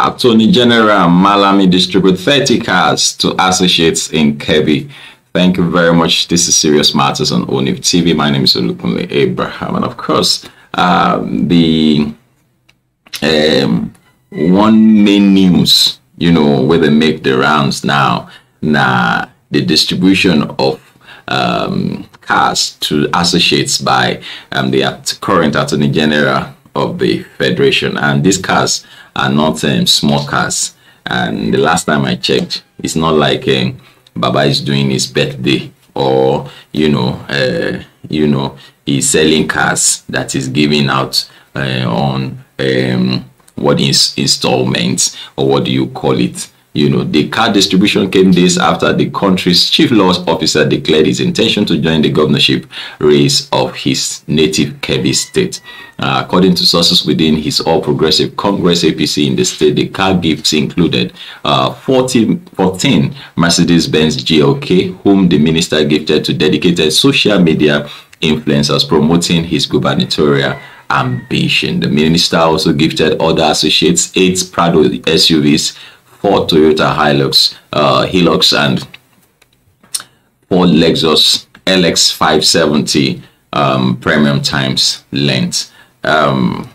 Attorney General Malami distributed 30 cars to associates in Kebbi. Thank you very much. This is Serious Matters on ONIV TV. My name is Olukunle Abraham. And of course, uh, the um, one main news, you know, where they make the rounds now, now the distribution of um, cars to associates by um, the current Attorney General of the Federation. And these cars are not um, small And the last time I checked, it's not like um, Baba is doing his birthday or you know, uh, you know, he's selling cars that is giving out uh, on um, what is installments or what do you call it? You know, the card distribution came days after the country's chief laws officer declared his intention to join the governorship race of his native Kebbi state. Uh, according to sources within his All Progressive Congress APC in the state, the car gifts included uh, 40, 14 Mercedes-Benz GLK, whom the minister gifted to dedicated social media influencers promoting his gubernatorial ambition. The minister also gifted other associates eight Prado SUVs, four Toyota Hilux, uh, Hilux and four Lexus LX570 um, premium times length. Um,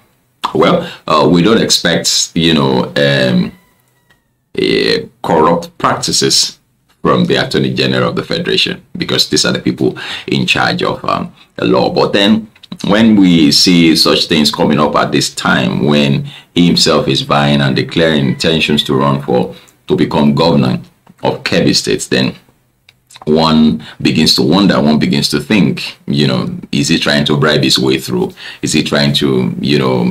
well, uh, we don't expect, you know, um, uh, corrupt practices from the Attorney General of the Federation because these are the people in charge of um, the law. But then when we see such things coming up at this time when he himself is vying and declaring intentions to run for to become governor of Kebbi State, then one begins to wonder, one begins to think, you know, is he trying to bribe his way through? Is he trying to, you know,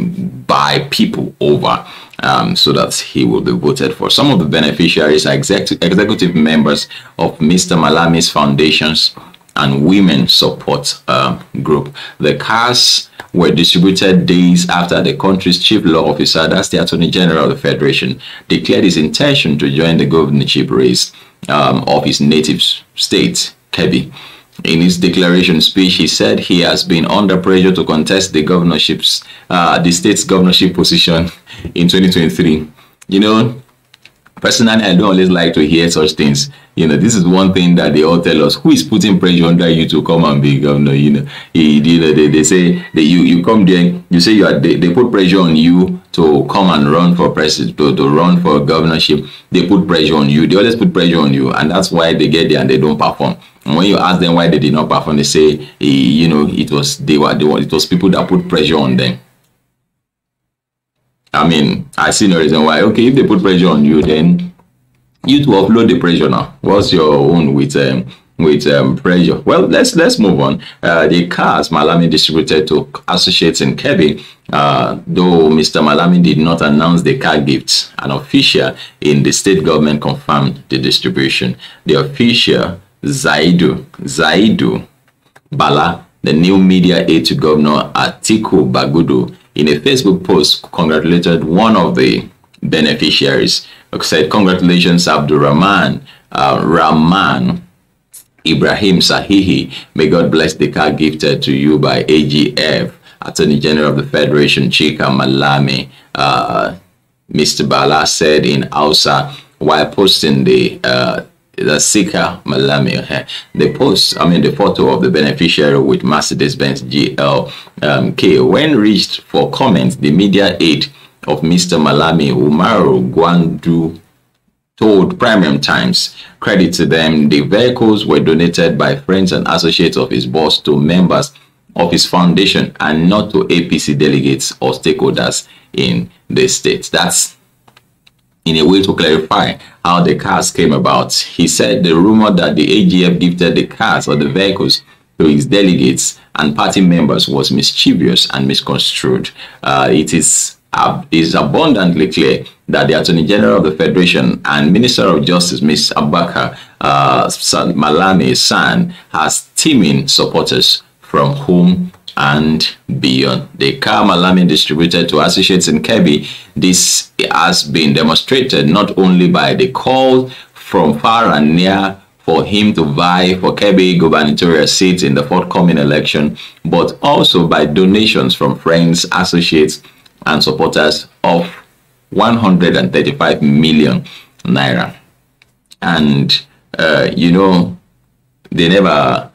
buy people over um, so that he will be voted for? Some of the beneficiaries are exec executive members of Mr. Malami's foundations and Women Support um, Group. The cars were distributed days after the country's chief law officer, that's the Attorney General of the Federation, declared his intention to join the governorship race um, of his native state, Kebbi. In his declaration speech, he said he has been under pressure to contest the governorships, uh, the state's governorship position in 2023. You know, Personally, I don't always like to hear such things. You know, this is one thing that they all tell us. Who is putting pressure under you to come and be governor? You know, you know they, they say that you, you come there, you say you are, they, they put pressure on you to come and run for president, to, to run for governorship. They put pressure on you. They always put pressure on you. And that's why they get there and they don't perform. And when you ask them why they did not perform, they say, eh, you know, it was, they were, they were, it was people that put pressure on them. I mean, I see no reason why. Okay, if they put pressure on you, then you to upload the pressure now. What's your own with um, with um, pressure? Well, let's let's move on. Uh, the cars Malami distributed to associates in Kebbi, uh, though Mr. Malami did not announce the car gifts. An official in the state government confirmed the distribution. The official Zaidu Zaidu Bala, the new media aide to Governor Atiku Bagudu in a Facebook post, congratulated one of the beneficiaries. Like said, congratulations, Abdurrahman uh, Rahman Ibrahim Sahihi. May God bless the car gifted to you by AGF, Attorney General of the Federation, Chika Malami. Uh, Mr. Bala said in Hausa while posting the uh, the seeker Malami. The post, I mean, the photo of the beneficiary with Mercedes-Benz GLK. Um, when reached for comment, the media aide of Mr. Malami, Umaru Gwandu, told Premium Times, credit to them, the vehicles were donated by friends and associates of his boss to members of his foundation and not to APC delegates or stakeholders in the state. That's in a way to clarify how the cars came about. He said the rumor that the AGF gifted the cars or the vehicles to his delegates and party members was mischievous and misconstrued. Uh, it is uh, is abundantly clear that the Attorney General of the Federation and Minister of Justice, Ms. Abaka uh, San Malami San, has teeming supporters from whom and beyond. The car alarming distributed to associates in Kabi. this has been demonstrated not only by the call from far and near for him to vie for Kabi gubernatorial seat in the forthcoming election, but also by donations from friends, associates, and supporters of 135 million naira. And, uh, you know, they never,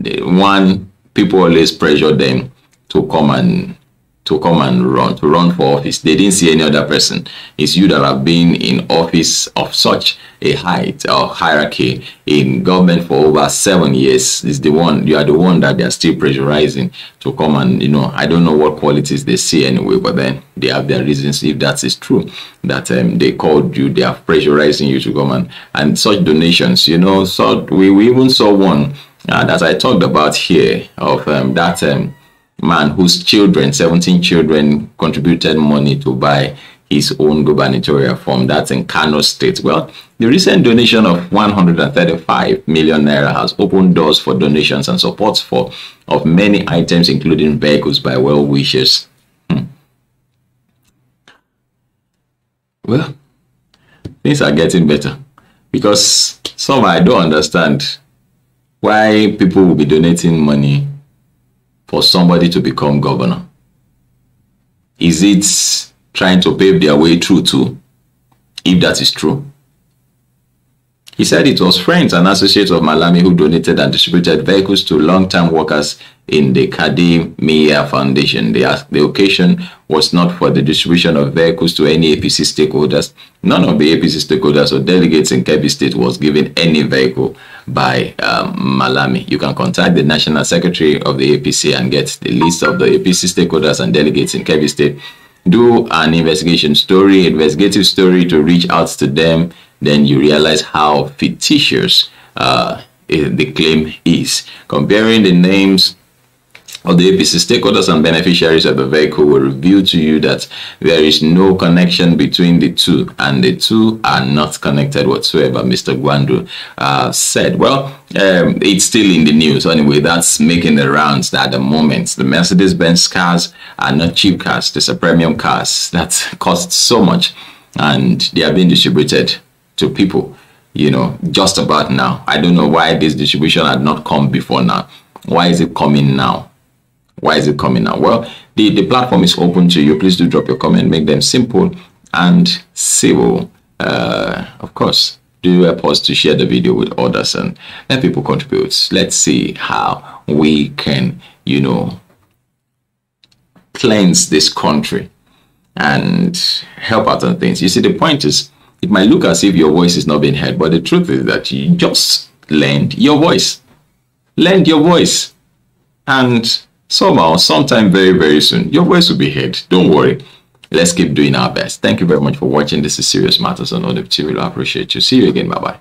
they, one people always pressure them to come and to come and run to run for office they didn't see any other person it's you that have been in office of such a height or hierarchy in government for over seven years is the one you are the one that they are still pressurizing to come and you know i don't know what qualities they see anyway but then they have their reasons if that is true that um, they called you they are pressurizing you to come and and such donations you know so we, we even saw one and as I talked about here of um, that um, man whose children, 17 children, contributed money to buy his own gubernatorial form, that's in Kano State. Well, the recent donation of 135 million naira has opened doors for donations and supports for of many items, including vehicles by well wishers. Hmm. Well, things are getting better because some I don't understand why people will be donating money for somebody to become governor? Is it trying to pave their way through to, if that is true? He said it was friends and associates of Malami who donated and distributed vehicles to long-term workers in the Kadimia Foundation. The, uh, the occasion was not for the distribution of vehicles to any APC stakeholders. None of the APC stakeholders or delegates in Kebbi State was given any vehicle by um, Malami. You can contact the National Secretary of the APC and get the list of the APC stakeholders and delegates in Kebbi State. Do an investigation story, investigative story to reach out to them then you realize how fictitious uh, the claim is. Comparing the names of the APC stakeholders and beneficiaries of the vehicle will reveal to you that there is no connection between the two and the two are not connected whatsoever, Mr. Guandu uh, said. Well, um, it's still in the news. Anyway, that's making the rounds at the moment. The Mercedes-Benz cars are not cheap cars. These are premium cars that cost so much and they are being distributed to people, you know, just about now. I don't know why this distribution had not come before now. Why is it coming now? Why is it coming now? Well, the, the platform is open to you. Please do drop your comment, make them simple and civil. Uh, of course, do help us to share the video with others and let people contribute. Let's see how we can, you know, cleanse this country and help out on things. You see, the point is it might look as if your voice is not being heard, but the truth is that you just lend your voice. Lend your voice. And somehow, sometime very, very soon, your voice will be heard. Don't worry. Let's keep doing our best. Thank you very much for watching. This is Serious Matters on Audio material. I appreciate you. See you again. Bye-bye.